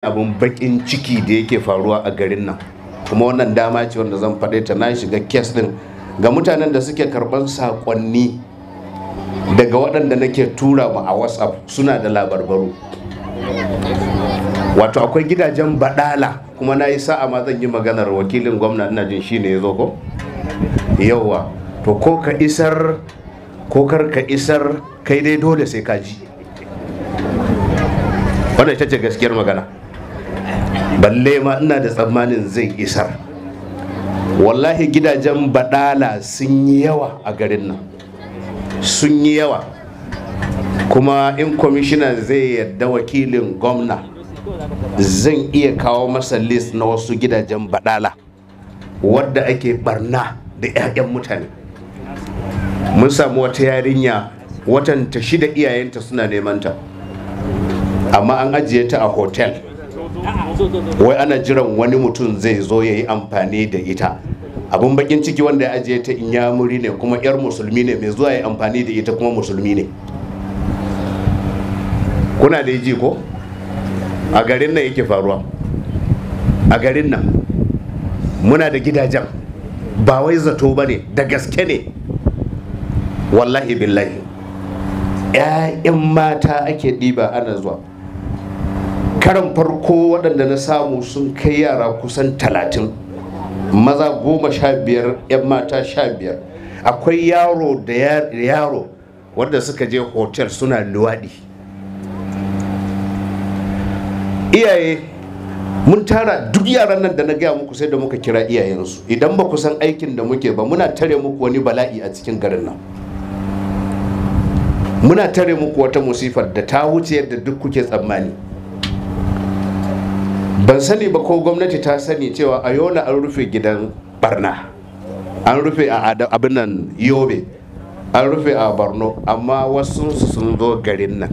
abin bakin ciki da yake faruwa a garin nan kuma wannan dama ce wanda zan faɗe ta na shiga kes ɗin ga mutanen da suke karɓar saƙonni daga waɗanda nake tura mu a whatsapp suna da labarbaru wato akwai gidajen baɗala kuma na yi sa'a ma zan yi maganar wakilin gwamna ina jin shi ne ya zo ko yauwa to ko ka isar ko kar ka isar kai dai dole sai ka ji wannan ita ce gaskiyar magana balle ma ina da tsammanin zai isar wallahi gidajen baɗala sun yi yawa a garin nan sun yi yawa kuma in kwamishina zai yadda wakilin gwamna zan iya kawo masa list na wasu gidajen baɗala wadda ake barna da 'ya'yan mutane mun samu wata yarinya watan ta shida iyayenta suna neman ta amma an ajiye ta a hotel wai ana jiran wani mutum zai zo ya yi amfani da ita abun bakin ciki wanda ya ajiye ta inyamuri ne kuma yar musulmi ne mai zuwa ya yi amfani da ita kuma musulmi ne kuna da ji ko a garin nan yake faruwa a garin nan muna da gidajen ba wai zato ba ne da gaske ne wallahi billahi 'ya'yan mata ake ɗiba ana zuwa karan farko waɗanda na samu sun kai yara kusan talatin maza goma sha biyar 'yan mata sha biyar akwai yaro da yaro wanda suka je hotel suna luwaɗi iyaye mun tara duk yaran nan da na gaya muku sai da muka kira iyayensu idan ba ku san aikin da muke ba muna tare muku wani bala'i a cikin garin nan muna tare muku wata musifar da ta wuce yadda duk kuke tsammani ban sani ba ko gwamnati ta sani cewa a yona an rufe gidan barna an rufe a abin nan yobe an rufe a borno amma wasu sun zo garin nan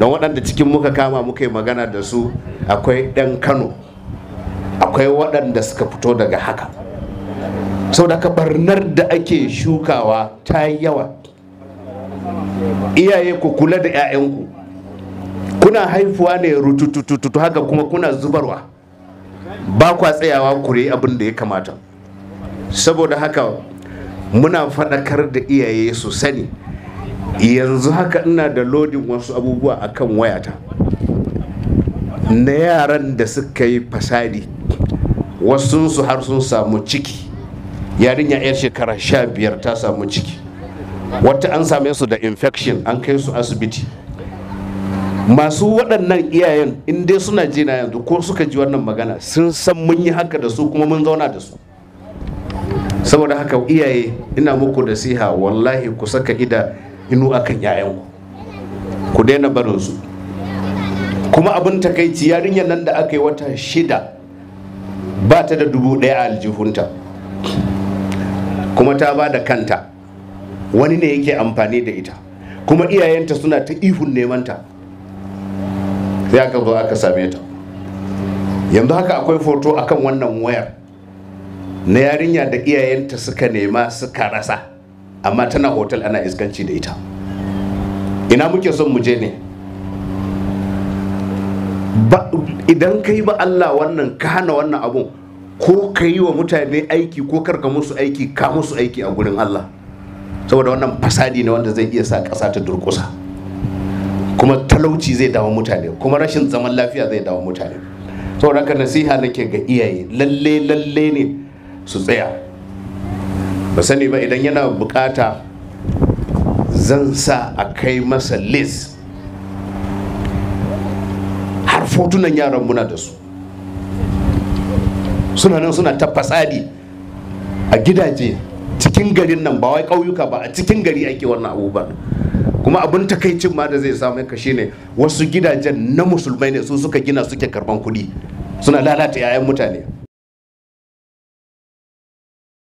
don waɗanda cikin muka kama muka yi magana da su akwai ɗan kano akwai waɗanda suka fito daga haka sau da barnar da ake shukawa ta yawa iyaye ku kula da 'ya'yanku kuna haifuwa ne rututututu haka kuma kuna zubarwa ba kwa tsayawa kure abin da ya kamata saboda haka muna faɗakar da iyaye su sani yanzu haka ina da lodin wasu abubuwa a akan wayata na yaran da suka yi fasadi wasu su har sun samu ciki yarinya 'yar shekara sha biyar ta samu ciki wata an same su da infection an kai su asibiti masu waɗannan iyayen in dai suna jina yanzu ko suka ji wannan magana sun san mun yi haka da su kuma mun zauna da su saboda haka iyaye ina muku da siha wallahi ku saka ida inu akan yayanku ku daina barin su kuma abin takaici yarinyar nan da aka yi wata shida ba ta da dubu ɗaya a aljihunta kuma ta ba da kanta wani ne yake amfani da ita kuma iyayenta suna ta ihun nemanta sai aka zo aka same ta yanzu haka akwai foto akan wannan wayar na yarinya da iyayenta suka nema suka rasa amma tana hotel ana iskanci da ita ina muke son mu je ne idan ka yi ba Allah wannan ka hana wannan abun ko ka yi wa mutane aiki ko karka musu aiki ka musu aiki a gurin Allah saboda wannan fasadi ne wanda zai iya sa ƙasa ta durƙusa. kuma talauci zai dawo mutane kuma rashin zaman lafiya zai dawo mutane saboda haka nasiha nake ga iyaye lalle lalle ne su tsaya ba sani ba idan yana bukata zan sa a kai masa lis har fotunan yaran muna da su suna nan suna ta fasadi a gidaje cikin garin nan ba wai ƙauyuka ba a cikin gari ake wannan abubuwan kuma abin takaicin ma da zai samu ka shine wasu gidajen na musulmai ne su suka gina suke karban kuɗi suna lalata 'ya'yan mutane